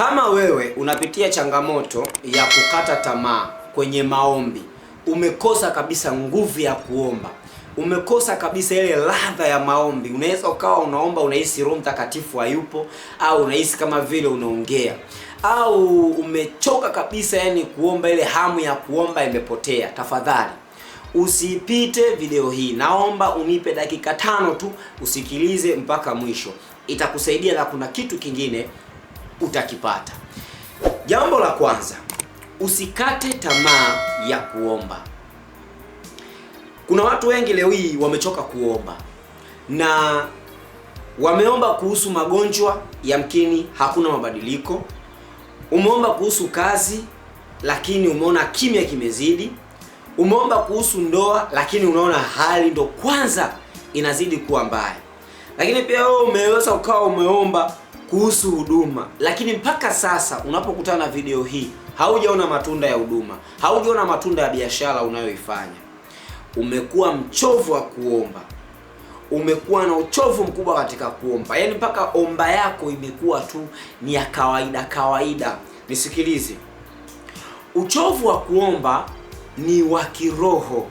Kama wewe unapitia changamoto ya kukata tamaa kwenye maombi, umekosa kabisa nguvu ya kuomba, umekosa kabisa ile ladha ya maombi, unaweza ukawa unaomba unahisi Roho Mtakatifu hayupo, au unahisi kama vile unaongea au umechoka kabisa, yani kuomba, ile hamu ya kuomba imepotea, tafadhali usipite video hii. Naomba unipe dakika tano tu, usikilize mpaka mwisho, itakusaidia. Na kuna kitu kingine utakipata. Jambo la kwanza, usikate tamaa ya kuomba. Kuna watu wengi leo hii wamechoka kuomba na wameomba kuhusu magonjwa, yamkini hakuna mabadiliko. Umeomba kuhusu kazi, lakini umeona kimya kimezidi. Umeomba kuhusu ndoa, lakini unaona hali ndo kwanza inazidi kuwa mbaya. Lakini pia wewe umeweza ukawa umeomba kuhusu huduma, lakini mpaka sasa unapokutana na video hii haujaona matunda ya huduma, haujaona matunda ya biashara unayoifanya. Umekuwa mchovu wa kuomba, umekuwa na uchovu mkubwa katika kuomba, yaani mpaka omba yako imekuwa tu ni ya kawaida kawaida. Nisikilize, uchovu wa kuomba ni wa kiroho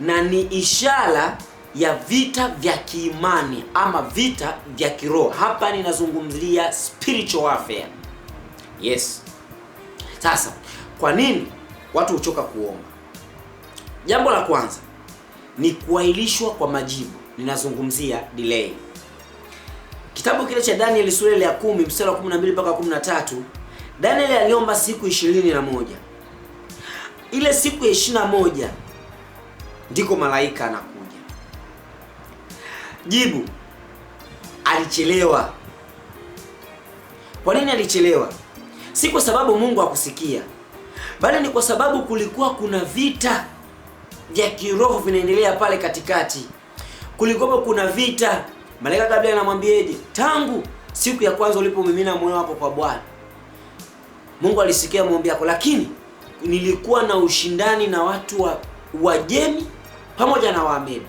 na ni ishara ya vita vya kiimani ama vita vya kiroho. Hapa ninazungumzia spiritual warfare. Yes. Sasa kwa nini watu huchoka kuomba? Jambo la kwanza ni kuahirishwa kwa majibu. Ninazungumzia delay. Kitabu kile cha Danieli sura ya 10 mstari wa 12 mpaka 13, Danieli aliomba siku 21. Ile siku ya 21 ndiko malaika na Jibu, alichelewa. Kwa nini alichelewa? Si kwa sababu Mungu hakusikia, bali ni kwa sababu kulikuwa kuna vita vya kiroho vinaendelea pale katikati. Kulikuwa kuna vita. Malaika kabla anamwambiaje? Tangu siku ya kwanza ulipomimina moyo wako kwa Bwana, Mungu alisikia maombi yako, lakini nilikuwa na ushindani na watu wa Uajemi pamoja na Waamedi.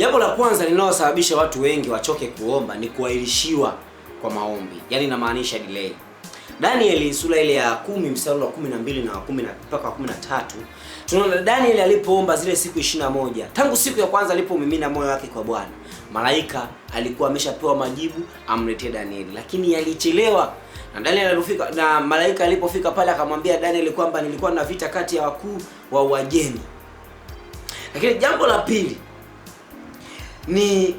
Jambo la kwanza linalosababisha watu wengi wachoke kuomba ni kuahirishiwa kwa maombi, yaani inamaanisha delay. Danieli sura ile ya kumi mstari wa kumi na mbili na kumi mpaka wa kumi na tatu tunaona Danieli alipoomba zile siku ishirini na moja tangu siku ya kwanza alipomimina moyo wake kwa Bwana, malaika alikuwa ameshapewa majibu amletee Danieli, lakini yalichelewa na Daniel alifika, na malaika alipofika pale akamwambia Danieli kwamba nilikuwa na vita kati ya wakuu wa Uajemi. Lakini jambo la pili ni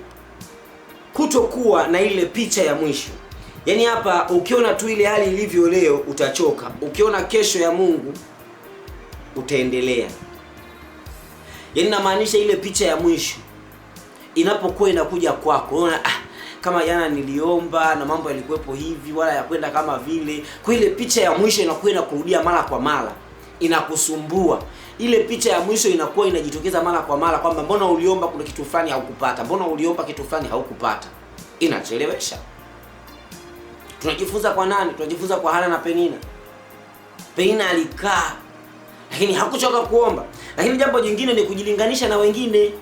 kutokuwa na ile picha ya mwisho. Yaani hapa ukiona tu ile hali ilivyo leo utachoka, ukiona kesho ya Mungu utaendelea. Yaani namaanisha ile picha ya mwisho inapokuwa inakuja kwako, unaona ah, kama jana niliomba na mambo yalikuwepo hivi, wala yakwenda kama vile, kwa ile picha ya mwisho inakuwa inakurudia mara kwa mara inakusumbua. Ile picha ya mwisho inakuwa inajitokeza mara kwa mara kwamba mbona uliomba kuna kitu fulani haukupata, mbona uliomba kitu fulani haukupata. Inachelewesha. Tunajifunza kwa nani? Tunajifunza kwa Hana na Penina. Penina alikaa lakini hakuchoka kuomba. Lakini jambo jingine ni kujilinganisha na wengine.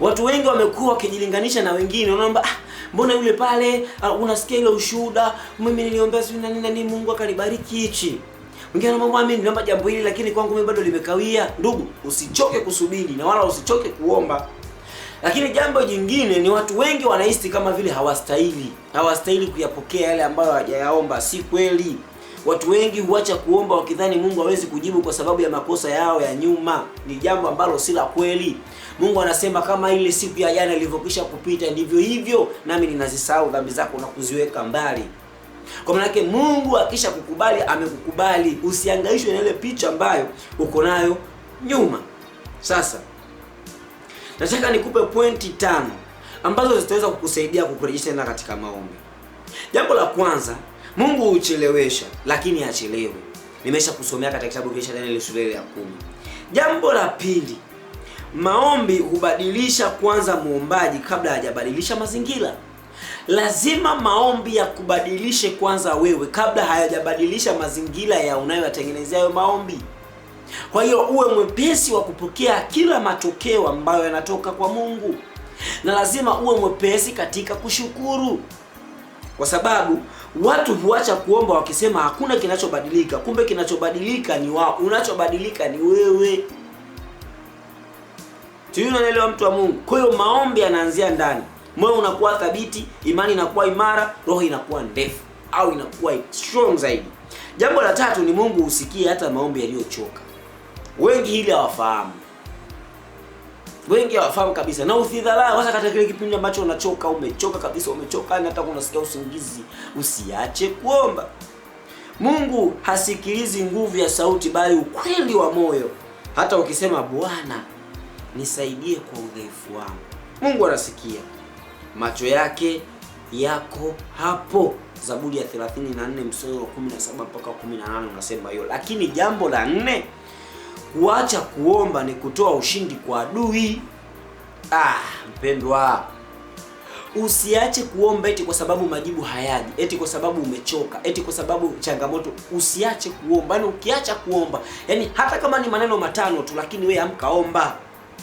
Watu wengi wamekuwa wakijilinganisha na wengine, wanaomba ah, mbona yule pale, ah, unasikia ile ushuhuda, mimi niliombea sivyo na nini, Mungu akalibariki hichi. Mwingine anamwambia mimi niliomba jambo hili lakini kwangu mimi bado limekawia. Ndugu, usichoke kusubiri na wala usichoke kuomba. Lakini jambo jingine ni watu wengi wanahisi kama vile hawastahili. Hawastahili kuyapokea yale ambayo hawajayaomba, si kweli. Watu wengi huacha kuomba wakidhani Mungu hawezi kujibu kwa sababu ya makosa yao ya nyuma. Ni jambo ambalo si la kweli. Mungu anasema kama ile siku ya jana ilivyokwisha kupita ndivyo hivyo, nami ninazisahau dhambi zako na kuziweka mbali. Kwa maana yake Mungu akisha kukubali amekukubali, usiangaishwe na ile picha ambayo uko nayo nyuma. Sasa nataka nikupe pointi tano ambazo zitaweza kukusaidia kukurejesha tena katika maombi. Jambo la kwanza, Mungu huchelewesha lakini hachelewi. Nimesha kusomea katika kitabu cha Danieli sura ya kumi. Jambo la pili, maombi hubadilisha kwanza muombaji kabla hajabadilisha mazingira lazima maombi yakubadilishe kwanza wewe, kabla hayajabadilisha mazingira ya unayoyatengenezea hayo maombi. Kwa hiyo uwe mwepesi wa kupokea kila matokeo ambayo yanatoka kwa Mungu, na lazima uwe mwepesi katika kushukuru, kwa sababu watu huacha kuomba wakisema hakuna kinachobadilika. Kumbe kinachobadilika ni wao, unachobadilika ni wewe. Tunaelewa, mtu wa Mungu. Kwa hiyo maombi yanaanzia ndani moyo unakuwa thabiti, imani inakuwa imara, roho inakuwa ndefu au inakuwa strong zaidi. Jambo la tatu ni Mungu usikie hata maombi yaliyochoka. Wengi hili hawafahamu, wengi hawafahamu kabisa, na usidhalau hasa katika kile kipindi ambacho unachoka, umechoka kabisa, umechoka na hata unasikia usingizi, usiache kuomba. Mungu hasikilizi nguvu ya sauti, bali ukweli wa moyo. Hata ukisema Bwana nisaidie kwa udhaifu wangu, Mungu anasikia macho yake yako hapo. Zaburi ya 34 mstari wa 17 mpaka 18 unasema hiyo. Lakini jambo la nne, kuacha kuomba ni kutoa ushindi kwa adui. Ah, mpendwa, usiache kuomba eti kwa sababu majibu hayaji, eti kwa sababu umechoka, eti kwa sababu changamoto. Usiache kuomba, yaani ukiacha kuomba, yaani hata kama ni maneno matano tu, lakini we amkaomba.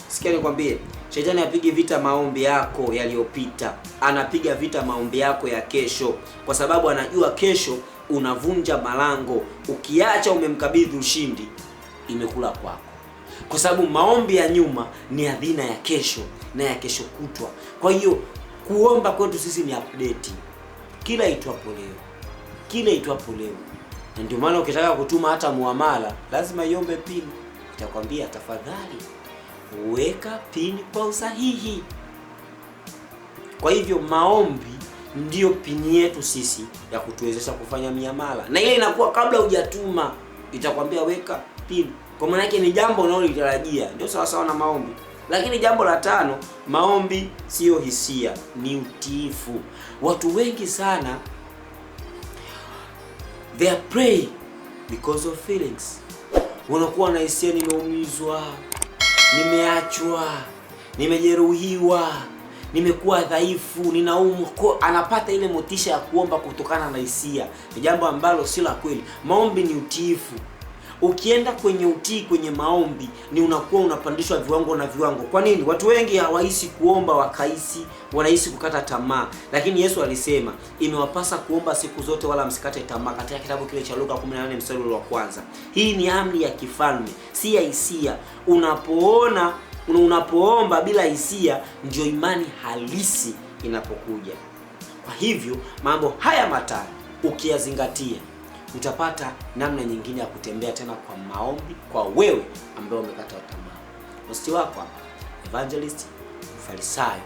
Sikia nikwambie Shetani apige vita maombi yako yaliyopita, anapiga vita maombi yako ya kesho, kwa sababu anajua kesho unavunja malango. Ukiacha umemkabidhi ushindi, imekula kwako, kwa sababu maombi ya nyuma ni adhina ya kesho na ya kesho kutwa. Kwa hiyo kuomba kwetu sisi ni update kila itwapo leo, kila itwapo leo. ndio maana ukitaka kutuma hata muamala lazima iombe pini, itakwambia tafadhali kuweka pini kwa usahihi. Kwa hivyo maombi ndiyo pini yetu sisi ya kutuwezesha kufanya miamala, na ile inakuwa kabla hujatuma itakwambia weka pini, kwa maana yake ni jambo unalolitarajia. Ndio sawasawa na maombi. Lakini jambo la tano, maombi siyo hisia, ni utiifu. Watu wengi sana they pray because of feelings, wanakuwa na hisia, nimeumizwa nimeachwa, nimejeruhiwa, nimekuwa dhaifu, ninaumwa. Kwa anapata ile motisha ya kuomba kutokana na hisia, ni jambo ambalo si la kweli. Maombi ni utiifu. Ukienda kwenye utii, kwenye maombi, ni unakuwa unapandishwa viwango na viwango. Kwa nini? Watu wengi hawahisi kuomba, wakahisi wanahisi kukata tamaa, lakini Yesu alisema imewapasa kuomba siku zote, wala msikate tamaa, katika kitabu kile cha Luka 18 mstari wa kwanza. Hii ni amri ya kifalme, si ya hisia. Unapoona unapoomba bila hisia, ndio imani halisi inapokuja. Kwa hivyo mambo haya matano ukiyazingatia utapata namna nyingine ya kutembea tena kwa maombi kwa wewe ambaye umekata tamaa. Hosti wako hapa Evangelist Farisayo.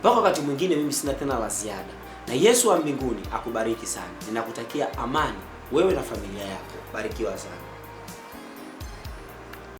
Mpaka wakati mwingine, mimi sina tena la ziada, na Yesu wa mbinguni akubariki sana. Ninakutakia amani wewe na familia yako. Barikiwa sana.